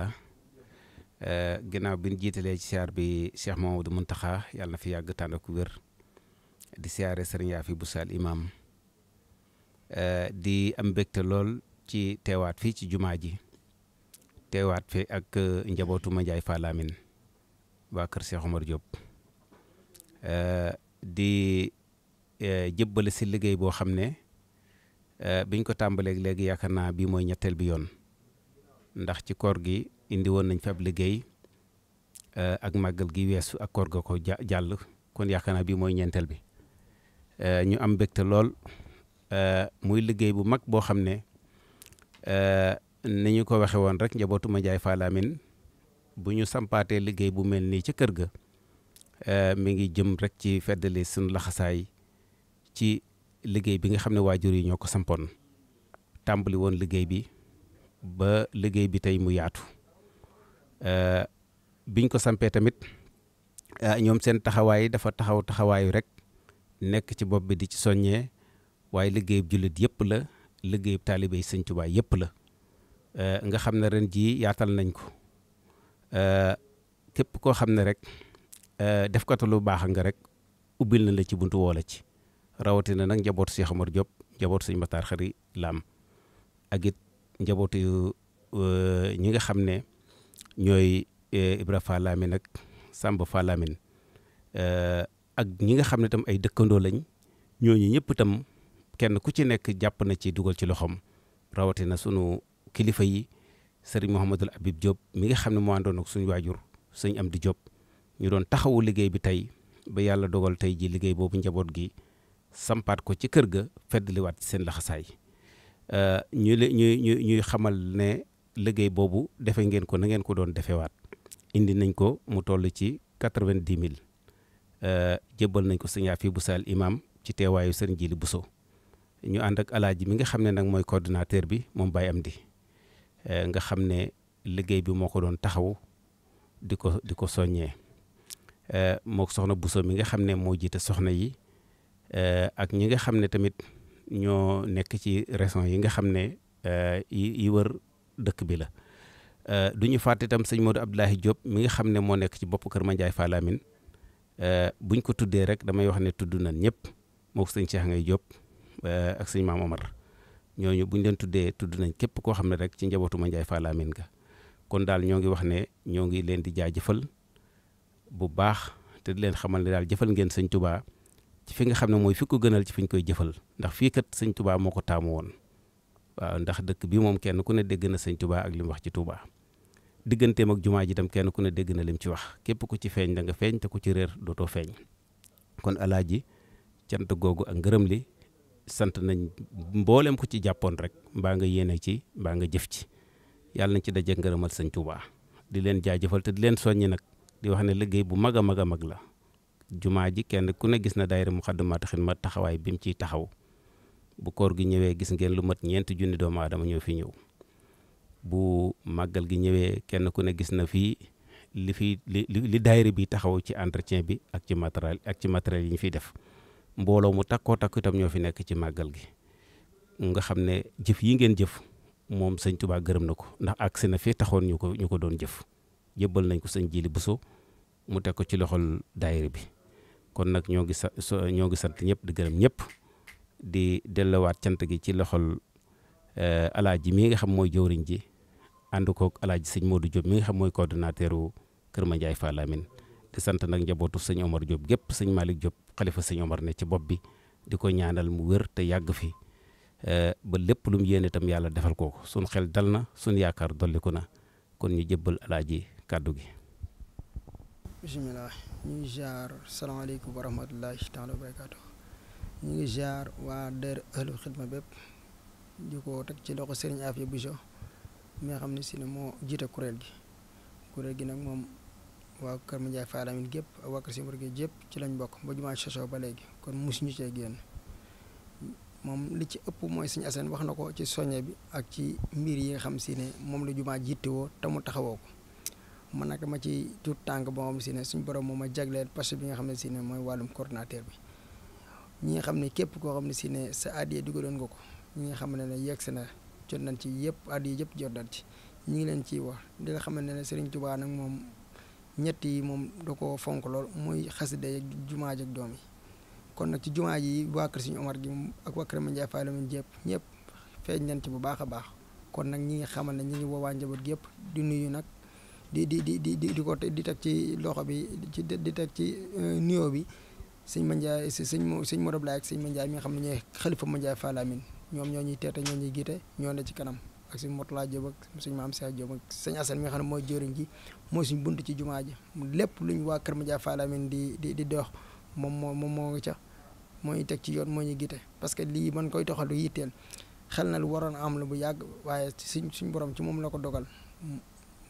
Eh, ginnaaw bi jiitalee ci siyaar bi Cheikh Mamadou Muntaxa yàlla na fi yàgg tànd ak wér di siyaare sëriñ Yaafi Busso al imaam eh, di am mbégte lool ci teewaat fii ci jumaa ji teewaat fi ak eh, njabootu Mandiaye Fall Lamine waa kër seexu Omar Diop di jëbbale si liggéey boo xam ne biñ ko tàmbaleeg léegi yaakaar naa bii mooy ñetteel bi yoon ndax ci koor gi indi woon nañ fi ab liggéey eh, ak màggal gi weesu ak koor ga ko jàll kon yaakaar naa bii mooy ñeenteel bi eh, ñu am mbégte lool eh, muy liggéey bu mag boo xam ne ni ñu ko waxe woon rek njabootu Mandiaye Fall Amine bu ñu sampaatee liggéey bu mel nii ci kër ga mi ngi jëm rek ci feddali suñu laxasaay ci liggéey bi nga xam ne waajur yi ñoo ko sampoon tàmbali woon liggéey bi ba liggéey bi tey mu yaatu eh, biñ ko sampee tamit eh, ñoom seen taxawaay dafa taxaw taxawaayu rek nekk ci bopp bi di ci soññee waaye liggéey bi jullit yëpp la liggéey taalibe yi Sëñ Tuubaa yëpp la eh, nga xam ne ren jii yaatal nañ ko képp koo xam ne rek def ko lu baax nga rek ubbil na la ci bunt woo la ci rawatina nag njabootu Cheikh Omar Diop njabootu Sëñ Matar Xari Lam njaboot njabootu euh, ñi nga xam ne ñooy euh, Ibra Falamine ak Samba Falamine euh, ak ñi nga xam ne tam ay dëkkandoo lañ ñooñu ñëpp tam kenn ku ci nekk jàpp na ci dugal ci loxoom rawatina sunu kilifa yi sëriñ Mouhamadul Habib Diop mi nga xam ne moo àndoon ak suñu waajur sëñ di Diop ñu doon taxawu liggéey bi tey ba yàlla dogal tey ji liggéey boobu njaboot gi sampaat ko ci kër ga feddliwaat ci seen laxasaay Euh, ñu le ñuy ñu ñuy xamal ne liggéey boobu defe ngeen ko nangeen ko doon defewaat indi nañ ko mu toll ci quatre vingt di mille euh, jébbal nañ ko sëñ Afi Bousso al imam ci teewaayu sëriñ Jili buso ñu ànd ak alaaji mi nga xam ne nag mooy coordinateur bi moom Baye Amdi euh, nga xam ne liggéey bi moo ko doon taxaw di ko di ko soññee moo soxna Bousso mi nga xam ne moo jiite soxna yi ak ñi nga xam ne tamit ñoo nekk ci régions yi nga xam ne euh, yi wër dëkk bi la euh, du ñu fàtte itam sëñ Modou Abdoulaye Diop mi nga xam ne moo nekk ci bopp Kër Mandiaye Fall Lamine euh, buñ ko tuddee rek damay wax ne tudd nañ ñëpp moo sëñ Cheikh Ngay Diop ak sëñ Maam Omar ñooñu buñ leen tuddee tudd nañ képp koo xam ne rek ci njabootu Mandiaye Fall Lamine ga kon daal ñoo ngi wax ne ñoo ngi leen di jaa jëfal bu baax te di leen xamal ne daal jëfal ngeen sëñ Touba fi nga xam ne mooy fi ko gënal ci fi ñu koy jëfal ndax fii kat sëñ Touba moo ko taamu woon waaw ndax dëkk bii moom kenn ku ne dégg na sëñ tubaa ak li mu wax ci tubaa digganteem ak jumaa ji tam kenn ku ne dégg na lim ci wax képp ku ci feeñ da nga feeñ te ku ci réer dootoo feeñ kon alaaji cant googu ak ngërëm li sant nañ mboolem ku ci jàppoon rek mbaa nga yéene ci mbaa nga jëf ci yàlla nañ ci daje ngërëmal sëñ tubaa di leen jaajëfal te di leen soññi nag di wax ne liggéey bu mag a mag a mag la. jumaa ji kenn ku ne gis na daayira Muxaddamatul Xidma taxawaay bi mu ciy taxaw bu koor gi ñëwee gis ngeen lu mat ñeenti junni doomu aadama ñoo fi ñëw bu màggal gi ñëwee kenn ku ne gis na fii li fi li li daayira bi taxaw ci entretien bi ak ci matériel ak ci matériel yi ñu fiy def mbooloo mu takkoo takk itam ñoo fi nekk ci màggal gi nga xam ne jëf yi ngeen jëf moom sëñ tubaa gërëm na ko ndax agsi na fi taxoon ñu ko ñu ko doon jëf jébbal nañ ko sëñ Jili Buso mu teg ko ci loxol daayira bi kon nag ñoo ngi sa ñoo ngi sant ñëpp di gërëm ñëpp di dellowaat cant gi ci loxol eh, alaaji mii nga xam mooy jëwriñ ji ànd koog alaaji sëñ Modou Diop mi nga xam mooy coordonnateur wu Kër Mandiaye fa Lamine di sant nag njabootu sëñ Omar Diop gépp sëñ Malick Diop xalifa sëñ Omar ne ci bopp bi di ko ñaanal mu wér te yàgg fi eh, ba lépp lu mu tam yàlla defal ko ko xel dal na sunu yaakaar dolliku na kon ñu jébbal alaaji kàddu gi ñu ngi jaar salaamaaleykum wa rahmatullahi taala wa barakaatu ñu ngi jaar waa der ëllu xidma bépp di ko teg ci loxo Serigne Afia Bousso mi nga xam ne si ne moo jiite kuréel gi kuréel gi nag moom waa Kër Mandiaye Fall Amine gépp ak waa Kër Simbar gi gépp ci lañ bokk ba jumaa ba léegi kon musuñu cee génn moom li ci ëpp mooy Serigne Assane wax na ko ci soñe bi ak ci mbir yi nga xam si ne moom la jumaa jiite woo te mu taxawoo ko man nag ma ci tuut tànk boo xam si ne suñu borom moo ma jagleel poste bi nga xam ne si ne mooy wàllum coordinateur bi ñi nga xam ne képp koo xam ne si ne sa addiya dugaloon nga ko ñi nga xam ne ne yegg si na jot nañ ci yëpp addiya yëpp jot nañ ci ñu ngi leen ciy wax di nga xam ne ne Serigne Touba nag moom ñetti moom da ko fonk lool muy xasida yeeg jumaa ji ak doom yi kon nag ci jumaa ji waa kër Serigne Omar gi ak waa kër Mandiaye Fall lañ jépp ñëpp feeñ nañ ci bu baax a baax kon nag ñi ngi xamal ne ñi ngi woowaa njaboot gi yëpp di nuyu nag di di di di di ko di teg ci loxo bi ci di teg ci euh, nuyoo bi sëñ Mandiaye sëñ sëñ Modou Blaye ak sëñ Mandiaye mi nga xam ne ñooy xalifa Mandiaye Falamine ñoom ñoo ñuy teete ñoo ñuy giite ñoo ne ci kanam ak sëñ Motulaa Diop ak sëñ Maam Seex Diop ak sëñ Assane mi nga xam ne mooy jëriñ ji mooy suñ bunt ci jumaa ji lépp luñ waa kër Mandiaye Falamine di di di dox moom moo moom moo ngi ca moo ñu teg ci yoon moo ñu gite parce que lii man koy doxal lu yitteel xel na lu waroon am la bu yàgg waaye suñ suñ borom ci moom la ko dogal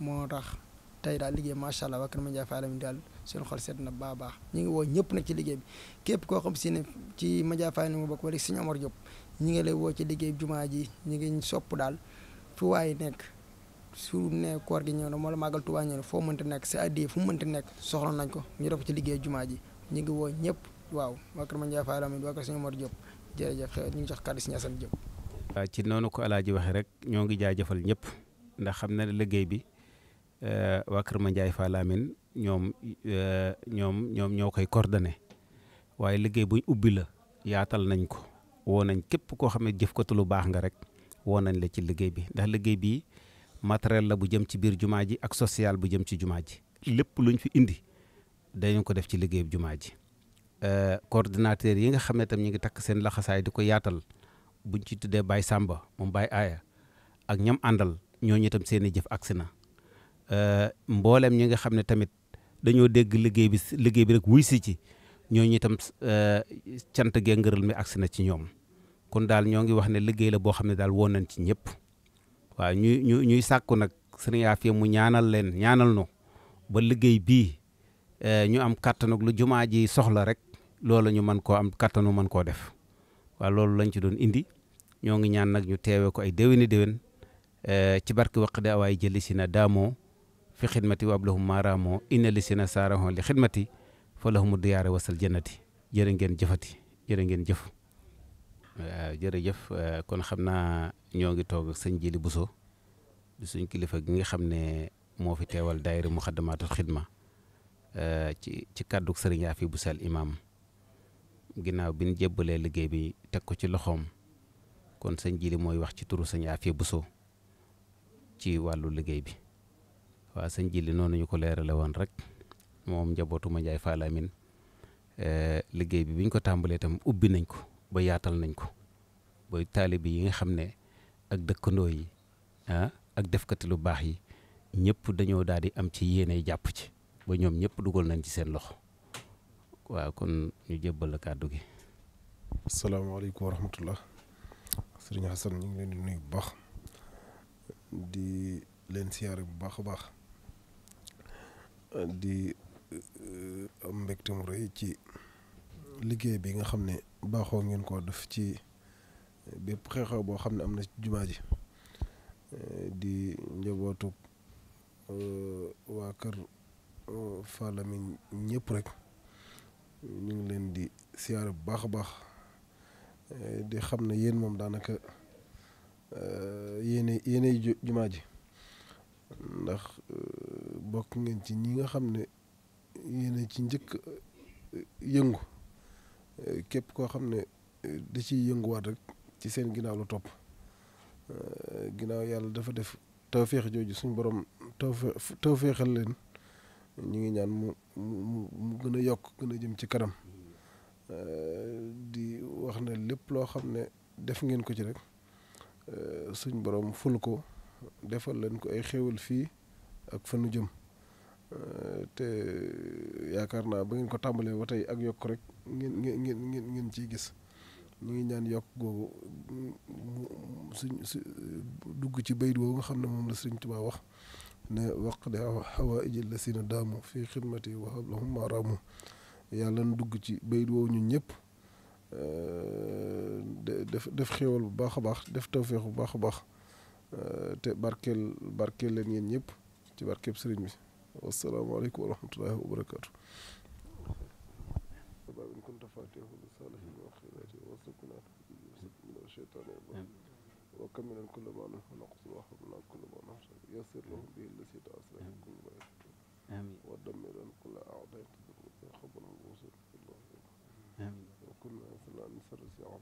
moo tax tey daal liggéey macha allah waa Kër Mandiaye Fall mi daal seen xol seet na baa ñëpp nag ci liggéey koo xam si ne ci Mandiaye Fall mu bokk wala Sëñ Omar Diop ngi lay woo ci liggéey jumaa ji ñi ngi sopp daal fu waay nekk su ne koor gi moo la màggal Tuubaa ñëw na foo mënta nekk sa addiya fu mu mënta nekk soxla nañ ko ñu def ci liggéey jumaa ji ñu ngi woo ñëpp waaw waa Kër Mandiaye Fall mi waa Kër Sëñ Omar Diop jërëjëf ñu ngi jox kàddu Sëñ Asan Diop ci noonu ko alaaji waxe rek ñoo ngi jëfal ñëpp ndax xam na liggéey bi Eh, waa Kër Mandiaye Fall Lamine ñoom eh, ñoom ñoom ñoo koy coordonné waaye liggéey buñ ubbi la yaatal nañ ko woo nañ képp koo xam ne jëfkatu lu baax nga rek woo nañ la ci liggéey bi ndax liggéey bi matériel la bu jëm ci biir jumaa ji ak social bu jëm ci jumaa ji lépp luñ fi indi dañu ko def ci liggéey jumaa ji eh, coordinateur yi nga xam tam ñu ngi takk seen laxasaay di ko yaatal buñ ci tuddee Baye sàmba moom Baye Aya ak ñam àndal ñooñu itam seen i jëf agsi Euh, mboolem ñi nga xam ne tamit dañoo dégg liggéey bi liggéey bi nag wuy si ci ñooñu itam euh, cant gee ngërël mi agsi na ci ñoom kon daal ñoo ngi wax ne liggéey la boo xam ne daal woon nañ ci ñëpp waaw ñuy ñu ñuy sàkku nag sëriñ Afia mu ñaanal leen ñaanal noo ba liggéey bii euh, ñu am kàttan lu jumaa ji soxla rek loola ñu mën koo am kàttanu mën koo def waa loolu lañ ci doon indi ñoo ngi ñaan nag ñu teewee ko ay déwéni déwén ci barki waqde awaay jëli si na daamoo fi xidmati wa ab lahum maaraamoo inna li si na saarahon li xidmati fa lahumu diyaare wasal jannati jërë ngeen jëfati jërë ngeen jëf jërëjëf kon xam naa ñoo ngi toog ak sëñ Jili Buso di suñ kilifa gi nga xam ne moo fi teewal daayira muxaddamaatul xidma eh, ci ci kàdduk sëriñ Afi Buso al imaam ginnaaw bi ñu jébbalee liggéey bi teg ko ci loxoom kon sëñ Jili mooy wax ci turu sëñ Afi Buso ci wàllu liggéey bi waa sëñ Jili noonu ñu ko leerale wan rek moom njabootu ma Njaay Fall Amin eh, liggéey bi biñ ko tàmbalee itam ubbi nañ ko ba yaatal nañ ko ba taalibe yi nga xam ne ak dëkkandoo yi ah, ak defkati lu baax yi ñëpp dañoo daal di am ci yéene jàpp ci ba ñoom ñëpp dugal nañ ci seen loxo waaw kon ñu jébbal la kàddu gi. asalaamaaleykum wa rahmatullah sëriñ Xasan ñu ngi leen di nuyu bu baax di leen siyaare bu baax baax. di eh, am mbégte mu rëy ci liggéey bi nga xam ne baaxoo ngeen koo def ci bépp xew boo xam ne am na jumaa ji eh, di njabootu eh, waa kër Fallami ñépp rek ñu ngi leen di siyaare bu baax a baax di xam ne yéen moom daanaka yéenay yéenay jumaa ji ndax bokk ngeen ci ñi nga xam ne yéen ci njëkk eh, yëngu eh, képp koo xam ne eh, di ciy yënguwaat rek ci seen ginnaaw la topp ginnaaw yàlla dafa def tawféex jooju suñ borom tawféexal leen ñu ngi ñaan mu mu mu gën a yokk gën a jëm ci kanam di wax ne lépp loo xam ne def ngeen ko ci rek suñ borom ful ko defal leen ko ay xéwal fii ak fa jëm. te yaakaar naa ba ngeen ko tàmbalee ba ak yokk rek ngeen ngeen ngeen ngeen ciy gis ñu ngi ñaan yokk googu suñ su dugg ci bayit woowu nga xam ne moom la Sëriñ Tuubaa wax ne waq de hawaaij lasina daamu fii xidmati wa hablahum maraamu yàlla na dugg ci bayit woowu ñun ñëpp eh, def def xéewal bu baax a baax def tawféex bu baax a baax eh, te barkeel barkeel leen yéen ñëpp ci barkeeb sëriñ bi wasalaamaaleykum wa rahmatullahi wa barakaatu.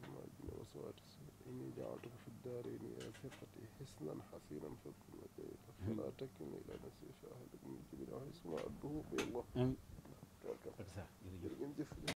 amiin إني جعلتك في الدارين آفقة حسنا حسينا فكن وجيدا فلا تكن إلى نفسي شاهد من الجبين وحسن وأبه بالله آمين.